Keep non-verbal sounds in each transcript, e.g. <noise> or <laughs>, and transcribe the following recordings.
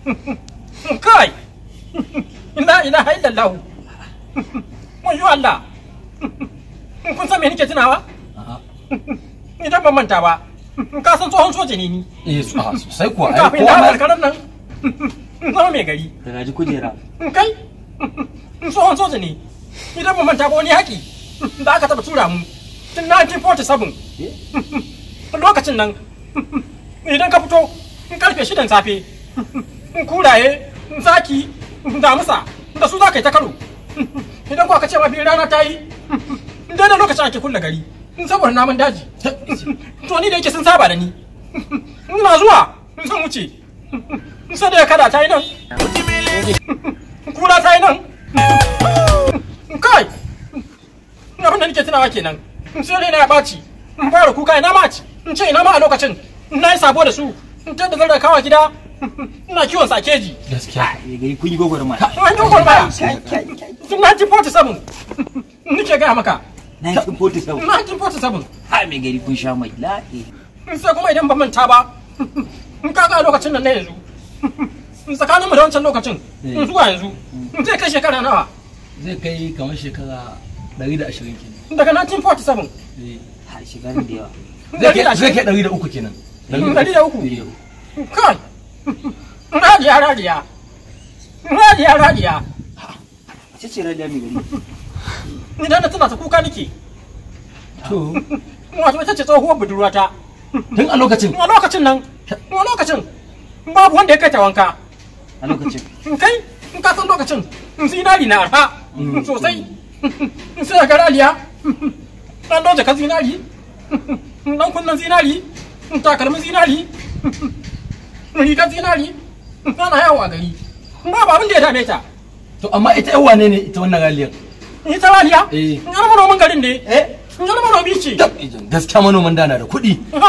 <laughs> kai ina ina haila lahu mun yi Allah kun san me nake tunawa idan ban manta ba ka san tsohon soja ne ni eh sai kuwa ai ko ma karan nan na mai gari da naji kujera kai tsohon soja ne idan ban manta ba wani haƙi da aka taba tura mu tun 1947 eh? lokacin nan idan ka fito karfe shidan safe in kuraye in zaki in damusa da su za ka yi ta karo idan kuwa ka ce mafi rana ta yi in daidai lokacin ake kulle gari in saboda namun daji to ni da yake sun saba da ni ina zuwa in san wuce in sai da ya kada ta yi nan kura ta yi nan kai abin da nake tunawa kenan sai dai na ya ɓaci in fara kuka ina ma ci in ce ina ma a lokacin na yi sabo da su in ta da zarra kawa gida ina kiwon sa keji gaskiya gari kun yi gogor ma an yi gogor ma tun 1947 nike gaya maka 1947 1947 ha mai gari kun sha mai la'i sai kuma idan ban manta ba in ka ga lokacin nan na yanzu tsakanin mu da wancan lokacin eh. zuwa yanzu zai kai shekara nawa zai kai kamar shekara 120 kenan daga 1947 Eh, ha shekarun da yawa zai kai 300 kenan 300 kai Radiya radiya. Radiya radiya. Ita ce radiya mai gari. Idan na ta kuka nake. To. Wato ita ce tsohuwar budurwata. Tun a lokacin? A lokacin nan. A lokacin. Babu wanda ya kai ta wanka. A lokacin. Kai in ka san lokacin in sai na na arha mm. sosai. In sai ga radiya. Dan doje ka zinari. Dan kunnan zinari. Takalmin zinari. rigar zinari ana yawa gari ba ba da ya dame ta to amma ita yawa ne ne ita wannan raliyar ita raliya eh an manoman garin ne eh an manomi ce gaskiya manoman dana da kuɗi an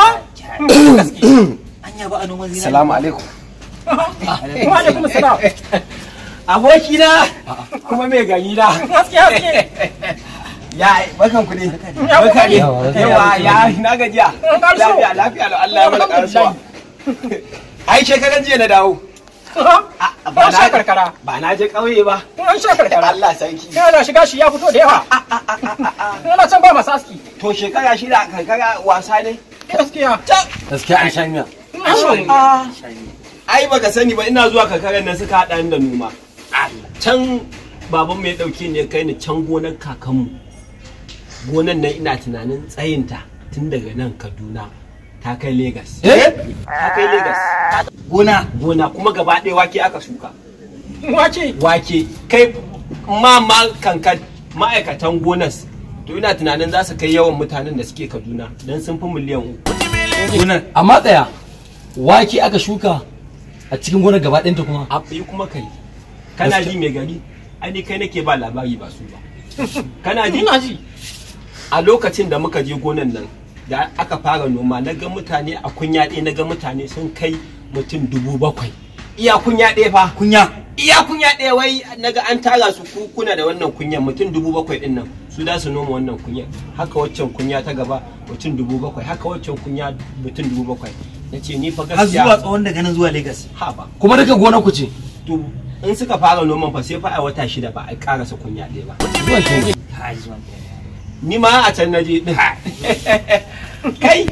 ba a zinari salamu alaikum wa alaikum salam <laughs> aboki na <laughs> kuma mai gani na gaskiya ya barkan ku ne barka ne yawa ya na gajiya lafiya lafiya Allah ya mana karshe <laughs> ai ce shekaran jiya na dawo ba na karkara ba na je kauye ba an sha karkara Allah sarki yana shiga shi ya fito da yawa yana san ba masu aski to shekara da karkara wasa ne gaskiya gaskiya an sha miya ah. ai baka sani ba ina zuwa karkaran nan suka haɗa da noma can baban mai dauke ne kai ni can gonar kakanmu gonan nan ina tunanin tsayinta tun daga nan kaduna ta kai Legas. Eh? Ta kai Legas. Gona. Gona kuma gaba ɗaya wake aka shuka. Wake. Wake. Kai mama kankan ma'aikatan gonas. To ina tunanin za su kai yawan mutanen da suke Kaduna don sun fi miliyan uku. Gonar. A matsaya wake aka shuka a cikin gonar gaba ɗayanta kuma. A yi kuma kai. Kana ji mai gari? Ai kai nake ba labari ba su ba. Kana ji? Ina ji. A lokacin da muka je gonan nan da aka fara noma na ga mutane a kunya ɗaya na ga mutane sun kai mutum dubu bakwai iya kunya ɗaya fa kunya iya kunya ɗaya wai na ga an tara su kuna da wannan kunya mutum dubu bakwai ɗin nan su da su noma wannan kunya haka waccan kunya ta gaba mutum dubu bakwai haka waccan kunya mutum dubu bakwai na ce ni fa gaskiya har zuwa tsawon daga nan zuwa Legas ha ba kuma daga gona ku ce to in suka fara noman fa sai fa a wata shida ba a karasa kunya ɗaya ba ni ma a can naje din <laughs> kai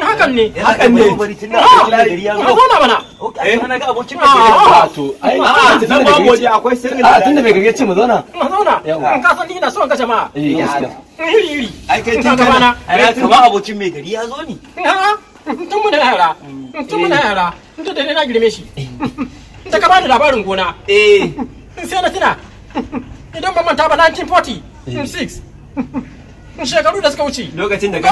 hakan ne hakan ne a ah! zauna mana eh? na ga abokin a a tun bai ce mu zauna mu zauna san ni ina ga jama'a eh iri iri ai kai tun na ai abokin mai gari ya zo ni tun yara mm. tun eh. yara tun da na girme shi eh. da ka bani labarin gona eh sai na tuna idan ban manta ba 1940 6 shekaru da suka wuce lokacin da